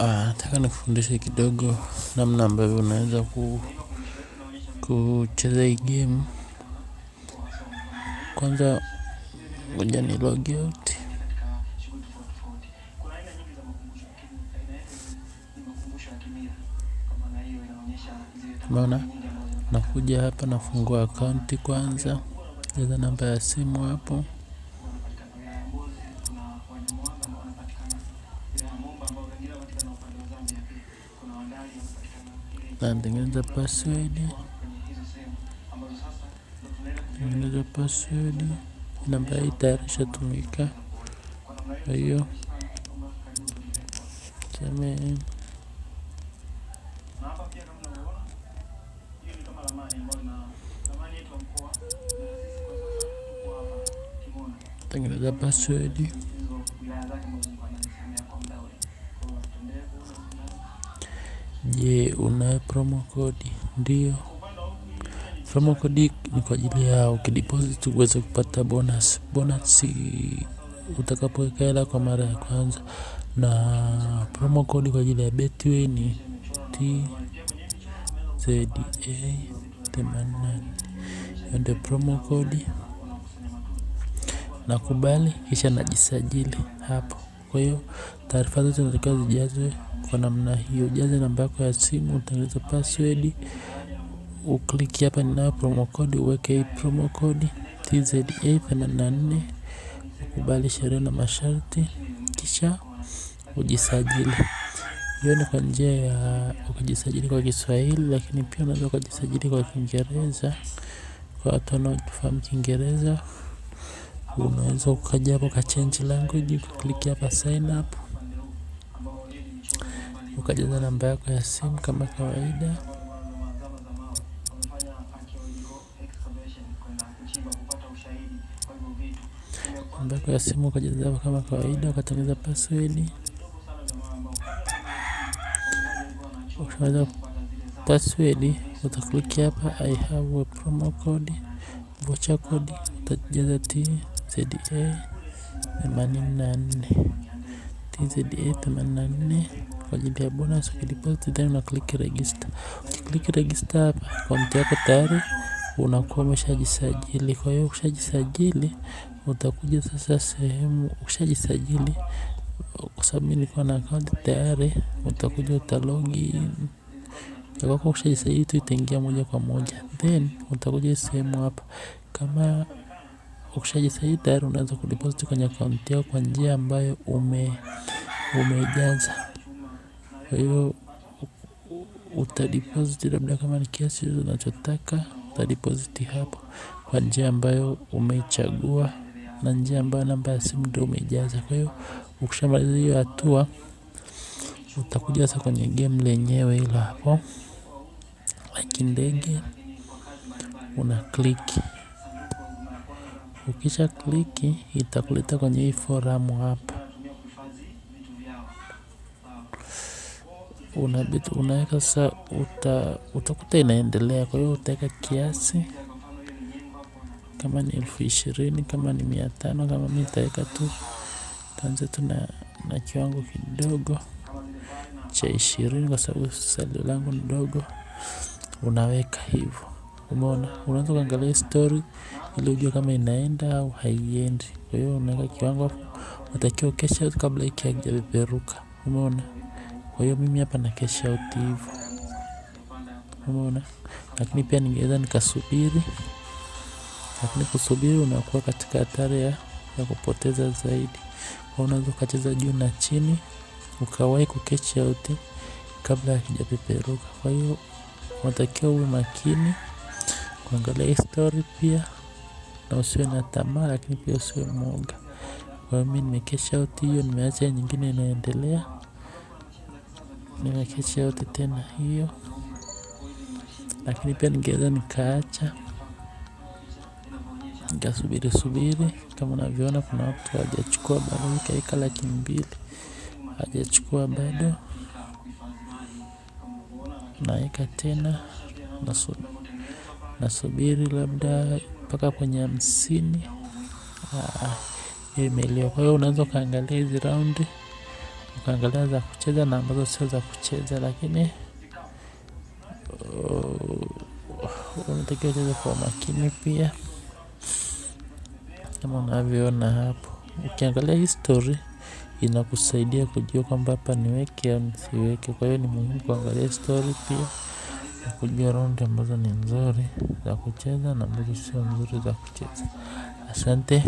Ah, nataka nikufundishe kidogo namna ambavyo unaweza kucheza hii game. Kwanza ngoja ni log out. Umeona, nakuja hapa nafungua akaunti kwanza, jaza namba ya simu hapo. natengeneza password natengeneza password ambayo tayari ishatumika kwa hiyo tuseme tengeneza password Je, una promo kodi? ndio Promo kodi ni kwa ajili ya ukideposit uweze kupata bonus. Bonus utakapoweka hela kwa mara ya kwanza. Na promo kodi kwa ajili ya Betway ni TZA themanini na ndio promo kodi. Nakubali kisha najisajili hapo. Kwa hiyo taarifa zote zinatakiwa zijazwe kwa namna hiyo ujaze namba yako ya simu utengeneze password. Ukliki hapa ninayo promo code uweke hii promo code TZA 84 Ukubali sheria na masharti kisha ujisajili. Hiyo ni kwa njia ya ukijisajili kwa kiswahili lakini pia unaweza ukajisajili kwa kiingereza. Kwa watu wanaofahamu kiingereza unaweza ukaja hapo ka change language ukaklikia hapa sign up ukajaza namba yako ya simu kama kawaida namba yako ya simu ukajaza hapo kama kawaida ukatengeneza password ukishamaliza password utaklikia hapa i have a promo code voucher code utajaza t ZA 84 TZA 84 kwa ajili ya bonus ukideposit then una click register. Ukiklik register hapa account yako tayari unakuwa umeshajisajili. Kwa hiyo ukishajisajili utakuja sasa sehemu ukishajisajili kwa sababu nilikuwa na account tayari utakuja utalogin utakuwa ukishajisajili tu itaingia moja kwa moja then utakuja sehemu hapa kama ukishajisajili tayari unaweza kudeposit kwenye akaunti yako kwa njia ambayo ume umejaza. kwa hiyo utadeposit labda kama ni kiasi unachotaka utadeposit hapo kwa njia ambayo umeichagua na njia ambayo namba ya simu ndio umejaza kwa hiyo ukishamaliza hiyo hatua utakuja sasa kwenye game lenyewe hilo hapo lakini ndege una click Ukisha kliki itakuleta kwenye hii forum hapa. Unabidi unaweka sasa uta, utakuta inaendelea kwa hiyo utaweka kiasi kama ni elfu ishirini kama ni mia tano kama mi taweka tu tuanze tu na, na kiwango kidogo cha ishirini kwa sababu salio langu ndogo. unaweka hivyo Umeona, unaanza kuangalia story ili ujue kama inaenda au haiendi. Kwa hiyo unaweka kiwango hapo, unatakiwa ucash out kabla hiki hakijapeperuka. Umeona, kwa hiyo mimi hapa na cash out hivo. Umeona, lakini pia ningeweza nikasubiri. Lakini kusubiri unakuwa katika hatari ya ya kupoteza zaidi. Kwa unaweza ukacheza juu na chini, ukawahi kucash out kabla hakijapeperuka. Kwa hiyo, unatakiwa uwe makini kuangalia history pia na usiwe na tamaa lakini pia usiwe mwoga kwa hiyo mi nimekesha uti hiyo nimeacha nyingine inaendelea nimekesha uti tena hiyo lakini pia ningeweza nikaacha nikasubiri subiri kama unavyoona kuna watu hawajachukua bado ikaika laki mbili hawajachukua bado naeka tena nasubiri nasubiri labda mpaka kwenye hamsini hiyo ah, imeliwa. Kwa hiyo unaweza ukaangalia hizi raundi ukaangalia za kucheza na ambazo sio za kucheza, lakini oh, unatakiwa ucheze kwa makini pia, kama unavyoona hapo. Ukiangalia history inakusaidia kujua kwamba hapa niweke au nisiweke. Kwa hiyo ni muhimu kuangalia histori pia kujua raundi ambazo ni nzuri za kucheza na ambazo sio nzuri za kucheza asante.